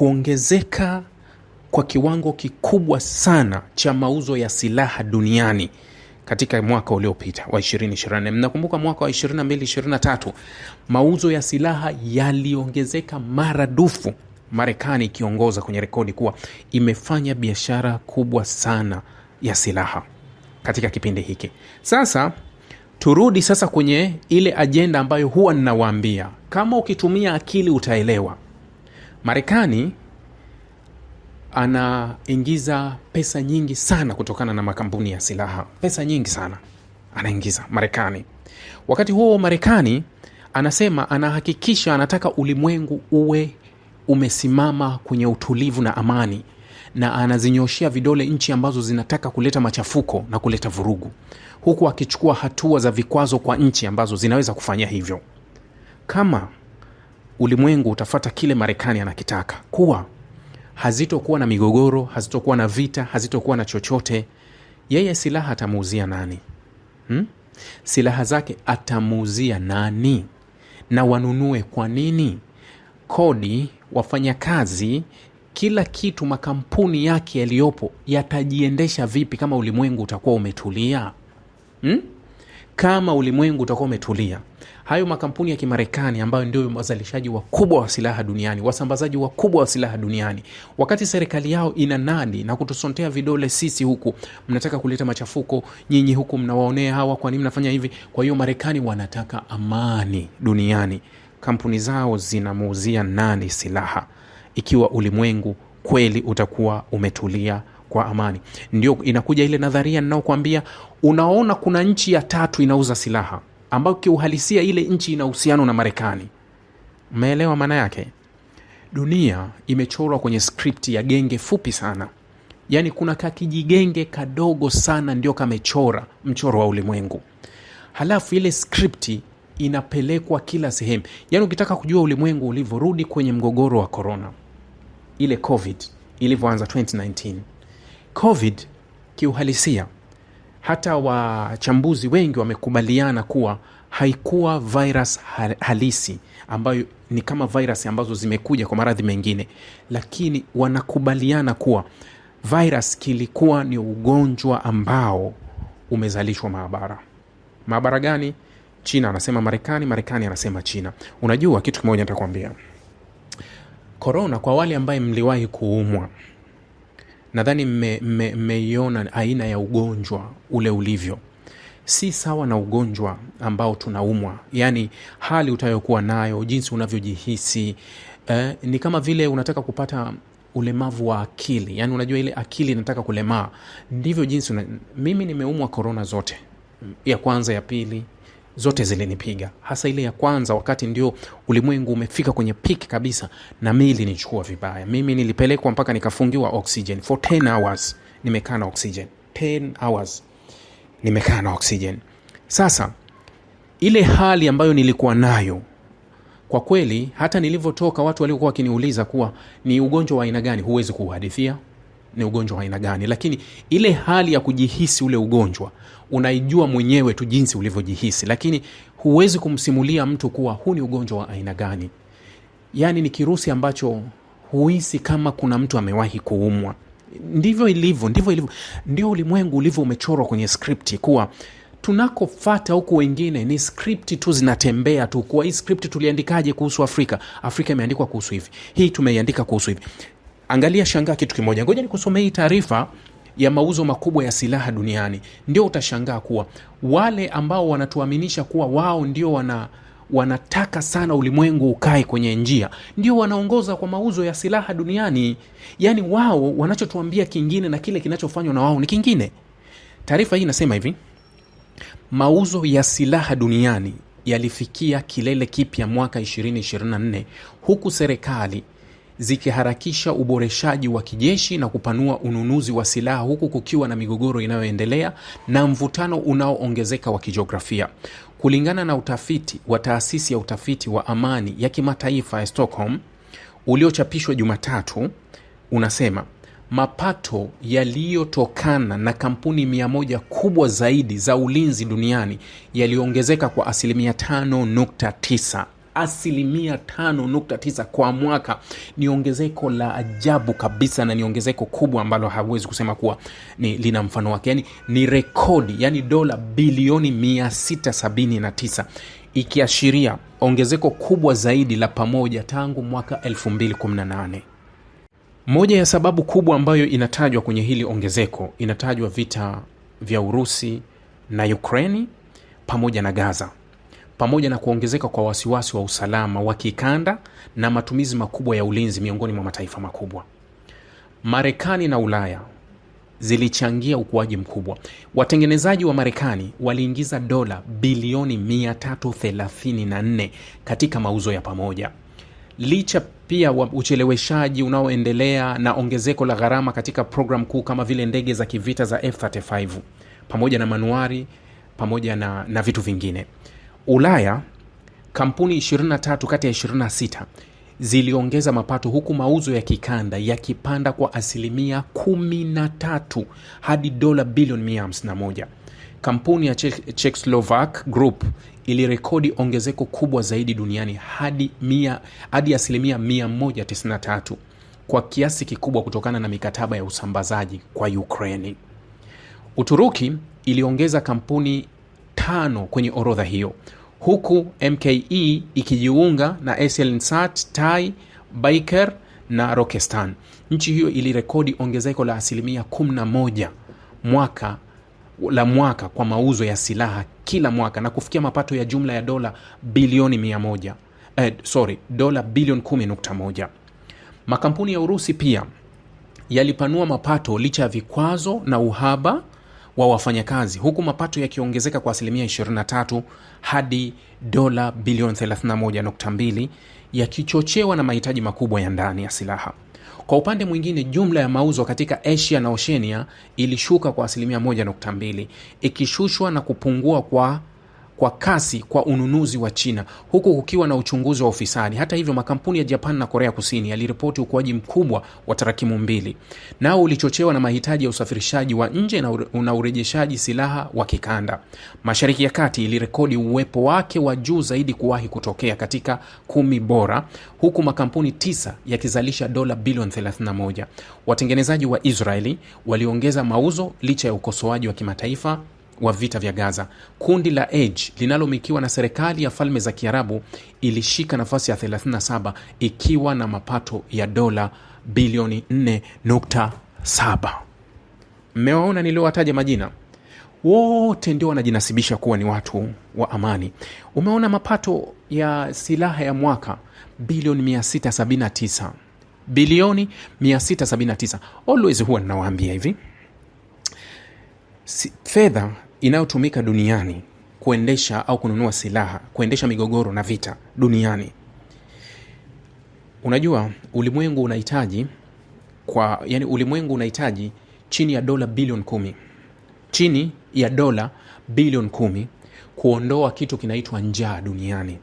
kuongezeka kwa kiwango kikubwa sana cha mauzo ya silaha duniani katika mwaka uliopita wa 2024. Mnakumbuka mwaka wa 2223 mauzo ya silaha yaliongezeka maradufu, Marekani ikiongoza kwenye rekodi kuwa imefanya biashara kubwa sana ya silaha katika kipindi hiki. Sasa turudi sasa kwenye ile ajenda ambayo huwa ninawaambia, kama ukitumia akili utaelewa Marekani anaingiza pesa nyingi sana kutokana na makampuni ya silaha, pesa nyingi sana anaingiza Marekani. Wakati huo Marekani anasema anahakikisha, anataka ulimwengu uwe umesimama kwenye utulivu na amani, na anazinyoshea vidole nchi ambazo zinataka kuleta machafuko na kuleta vurugu, huku akichukua hatua za vikwazo kwa nchi ambazo zinaweza kufanya hivyo kama ulimwengu utafata kile Marekani anakitaka kuwa hazitokuwa na migogoro, hazitokuwa na vita, hazitokuwa na chochote. Yeye silaha atamuuzia nani hmm? Silaha zake atamuuzia nani? Na wanunue kwa nini? Kodi, wafanyakazi, kila kitu, makampuni yake yaliyopo yatajiendesha vipi kama ulimwengu utakuwa umetulia hmm? Kama ulimwengu utakuwa umetulia, hayo makampuni ya Kimarekani ambayo ndio wazalishaji wakubwa wa silaha duniani, wasambazaji wakubwa wa silaha duniani, wakati serikali yao ina nadi na kutusontea vidole sisi, huku mnataka kuleta machafuko, nyinyi huku mnawaonea hawa, kwa nini mnafanya hivi? Kwa hiyo Marekani wanataka amani duniani, kampuni zao zinamuuzia nani silaha ikiwa ulimwengu kweli utakuwa umetulia kwa amani? Ndio inakuja ile nadharia ninaokwambia Unaona, kuna nchi ya tatu inauza silaha ambayo kiuhalisia ile nchi ina uhusiano na Marekani. Mmeelewa maana yake? Dunia imechorwa kwenye skripti ya genge fupi sana, yaani kuna kakijigenge kadogo sana ndio kamechora mchoro wa ulimwengu, halafu ile skripti inapelekwa kila sehemu. Yaani ukitaka kujua ulimwengu ulivyorudi kwenye mgogoro wa corona, ile covid ilivyoanza 2019 covid kiuhalisia hata wachambuzi wengi wamekubaliana kuwa haikuwa virus halisi ambayo ni kama virus ambazo zimekuja kwa maradhi mengine, lakini wanakubaliana kuwa virus kilikuwa ni ugonjwa ambao umezalishwa maabara. Maabara gani? China anasema Marekani, Marekani anasema China. Unajua kitu kimoja nitakwambia, korona, kwa wale ambaye mliwahi kuumwa nadhani mmeiona aina ya ugonjwa ule ulivyo si sawa na ugonjwa ambao tunaumwa, yaani hali utayokuwa nayo, jinsi unavyojihisi eh, ni kama vile unataka kupata ulemavu wa akili, yaani unajua ile akili inataka kulemaa, ndivyo jinsi una... mimi nimeumwa korona zote, ya kwanza, ya pili, zote zilinipiga, hasa ile ya kwanza, wakati ndio ulimwengu umefika kwenye pik kabisa, na mi ilinichukua vibaya. Mimi nilipelekwa mpaka nikafungiwa oxygen for 10 hours, nimekaa na oxygen 10 hours, nimekaa na oxygen. Sasa ile hali ambayo nilikuwa nayo kwa kweli, hata nilivyotoka, watu waliokuwa wakiniuliza kuwa ni ugonjwa wa aina gani, huwezi kuuhadithia ni ugonjwa wa aina gani, lakini ile hali ya kujihisi ule ugonjwa unaijua mwenyewe tu jinsi ulivyojihisi, lakini huwezi kumsimulia mtu kuwa huu ni ugonjwa wa aina gani. Yaani ni kirusi ambacho huhisi kama kuna mtu amewahi kuumwa. Ndivyo ilivyo, ndivyo ilivyo, ndio ulimwengu ulivyo umechorwa kwenye skripti kuwa tunakofata huku wengine ni skripti tu zinatembea tu, kuwa hii skripti tuliandikaje kuhusu Afrika? Afrika imeandikwa kuhusu hivi, hii tumeiandika kuhusu hivi. Angalia shangaa kitu kimoja, ngoja nikusomea hii taarifa ya mauzo makubwa ya silaha duniani. Ndio utashangaa kuwa wale ambao wanatuaminisha kuwa wao ndio wana wanataka sana ulimwengu ukae kwenye njia, ndio wanaongoza kwa mauzo ya silaha duniani. Yaani wao wanachotuambia kingine na kile kinachofanywa na wao ni kingine. Taarifa hii inasema hivi: mauzo ya silaha duniani yalifikia kilele kipya mwaka 2024 huku serikali zikiharakisha uboreshaji wa kijeshi na kupanua ununuzi wa silaha huku kukiwa na migogoro inayoendelea na mvutano unaoongezeka wa kijiografia. Kulingana na utafiti wa taasisi ya utafiti wa amani ya kimataifa ya Stockholm uliochapishwa Jumatatu unasema mapato yaliyotokana na kampuni mia moja kubwa zaidi za ulinzi duniani yaliyoongezeka kwa asilimia 5.9 asilimia 5.9 kwa mwaka. Ni ongezeko la ajabu kabisa, na ni ongezeko kubwa ambalo hawezi kusema kuwa ni lina mfano wake, yani ni rekodi, yani dola bilioni 679 ikiashiria ongezeko kubwa zaidi la pamoja tangu mwaka 2018. Moja ya sababu kubwa ambayo inatajwa kwenye hili ongezeko inatajwa vita vya Urusi na Ukraini pamoja na Gaza pamoja na kuongezeka kwa wasiwasi wa usalama wa kikanda na matumizi makubwa ya ulinzi miongoni mwa mataifa makubwa. Marekani na Ulaya zilichangia ukuaji mkubwa. Watengenezaji wa Marekani waliingiza dola bilioni 334 katika mauzo ya pamoja, licha pia wa ucheleweshaji unaoendelea na ongezeko la gharama katika programu kuu kama vile ndege za kivita za F35 pamoja na manuari pamoja na, na vitu vingine. Ulaya kampuni 23 kati ya 26 ziliongeza mapato huku mauzo ya kikanda yakipanda kwa asilimia 13 hadi dola bilioni 151. Kampuni ya Czechoslovak Group ilirekodi ongezeko kubwa zaidi duniani hadi, mia, hadi asilimia 193 kwa kiasi kikubwa kutokana na mikataba ya usambazaji kwa Ukraini. Uturuki iliongeza kampuni tano kwenye orodha hiyo huku mke ikijiunga na slnsat tai biker na rokestan nchi hiyo ilirekodi ongezeko la asilimia 11 mwaka la mwaka kwa mauzo ya silaha kila mwaka na kufikia mapato ya jumla ya dola bilioni 1 eh, sorry dola bilioni 11 makampuni ya urusi pia yalipanua mapato licha ya vikwazo na uhaba wa wafanyakazi huku mapato yakiongezeka kwa asilimia 23 hadi dola bilioni 31.2 yakichochewa na mahitaji makubwa ya ndani ya silaha. Kwa upande mwingine, jumla ya mauzo katika Asia na Oshenia ilishuka kwa asilimia 1.2 ikishushwa na kupungua kwa kwa kasi kwa ununuzi wa China huku kukiwa na uchunguzi wa ufisadi. Hata hivyo, makampuni ya Japan na Korea Kusini yaliripoti ukuaji mkubwa wa tarakimu mbili, nao ulichochewa na mahitaji ya usafirishaji wa nje na urejeshaji silaha wa kikanda. Mashariki ya Kati ilirekodi uwepo wake wa juu zaidi kuwahi kutokea katika kumi bora, huku makampuni tisa yakizalisha dola bilioni 31. Watengenezaji wa Israeli waliongeza mauzo licha ya ukosoaji wa kimataifa wa vita vya Gaza. Kundi la AIG linalomilikiwa na serikali ya Falme za Kiarabu ilishika nafasi ya 37 ikiwa na mapato ya dola bilioni 4.7. Mmewaona niliowataja majina wote ndio wanajinasibisha kuwa ni watu wa amani. Umeona mapato ya silaha ya mwaka bilioni 679, bilioni 679. Always huwa ninawaambia hivi, si, fedha inayotumika duniani kuendesha au kununua silaha, kuendesha migogoro na vita duniani. Unajua ulimwengu unahitaji kwa, yani ulimwengu unahitaji chini ya dola bilioni kumi chini ya dola bilioni kumi kuondoa kitu kinaitwa njaa duniani,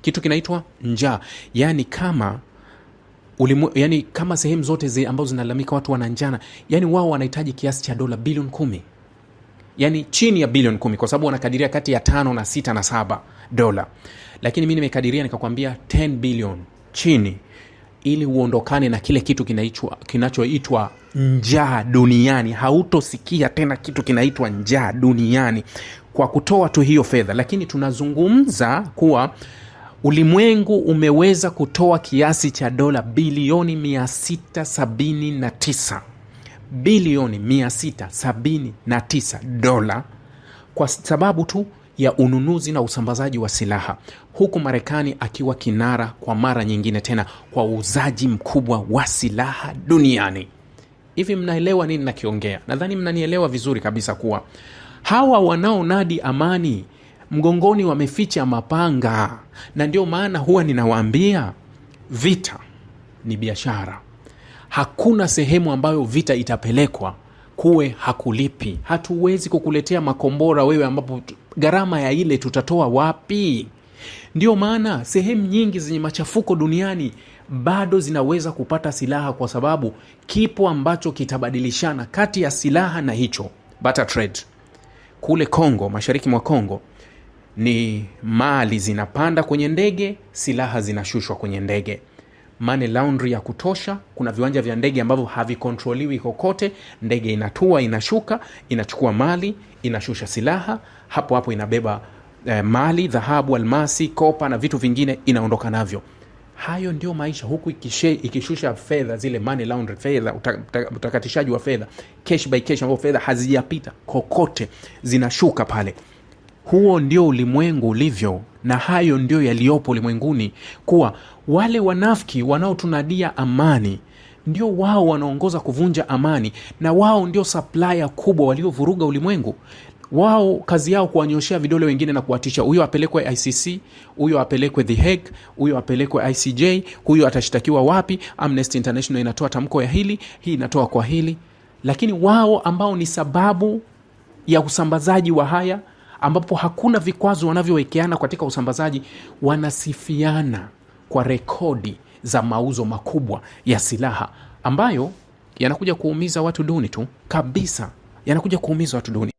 kitu kinaitwa njaa. Yani kama ulimu, yani kama sehemu zote zi ambazo zinalalamika watu wana njaa, yani wao wanahitaji kiasi cha dola bilioni kumi yani chini ya bilioni kumi kwa sababu wanakadiria kati ya tano na sita na saba dola, lakini mi nimekadiria nikakwambia 10 bilioni chini, ili uondokane na kile kitu kinachoitwa njaa duniani. Hautosikia tena kitu kinaitwa njaa duniani kwa kutoa tu hiyo fedha, lakini tunazungumza kuwa ulimwengu umeweza kutoa kiasi cha dola bilioni 679 bilioni 679 dola kwa sababu tu ya ununuzi na usambazaji wa silaha, huku Marekani akiwa kinara kwa mara nyingine tena kwa uuzaji mkubwa wa silaha duniani. Hivi mnaelewa nini nakiongea? Nadhani mnanielewa vizuri kabisa kuwa hawa wanaonadi amani mgongoni wameficha mapanga, na ndio maana huwa ninawaambia vita ni biashara hakuna sehemu ambayo vita itapelekwa kuwe hakulipi. Hatuwezi kukuletea makombora wewe, ambapo gharama ya ile tutatoa wapi? Ndiyo maana sehemu nyingi zenye machafuko duniani bado zinaweza kupata silaha, kwa sababu kipo ambacho kitabadilishana kati ya silaha na hicho barter trade. Kule Kongo, mashariki mwa Kongo, ni mali zinapanda kwenye ndege, silaha zinashushwa kwenye ndege money laundry ya kutosha. Kuna viwanja vya ndege ambavyo havikontroliwi kokote. Ndege inatua, inashuka, inachukua mali, inashusha silaha, hapo hapo inabeba eh, mali, dhahabu, almasi, kopa na vitu vingine, inaondoka navyo. Hayo ndio maisha, huku ikishe, ikishusha fedha zile money laundry, fedha utakatishaji wa fedha, cash by cash, ambao fedha hazijapita kokote, zinashuka pale. Huo ndio ulimwengu ulivyo, na hayo ndio yaliyopo ulimwenguni, kuwa wale wanafiki wanaotunadia amani ndio wao wanaongoza kuvunja amani, na wao ndio saplaya kubwa waliovuruga ulimwengu. Wao kazi yao kuwanyoshea vidole wengine na kuwatisha, huyo apelekwe ICC, huyo apelekwe The Hague, huyo apelekwe ICJ, huyo atashitakiwa wapi. Amnesty International inatoa tamko ya hili, hii inatoa kwa hili, lakini wao ambao ni sababu ya usambazaji wa haya ambapo hakuna vikwazo wanavyowekeana katika usambazaji, wanasifiana kwa rekodi za mauzo makubwa ya silaha ambayo yanakuja kuumiza watu duni tu kabisa, yanakuja kuumiza watu duni.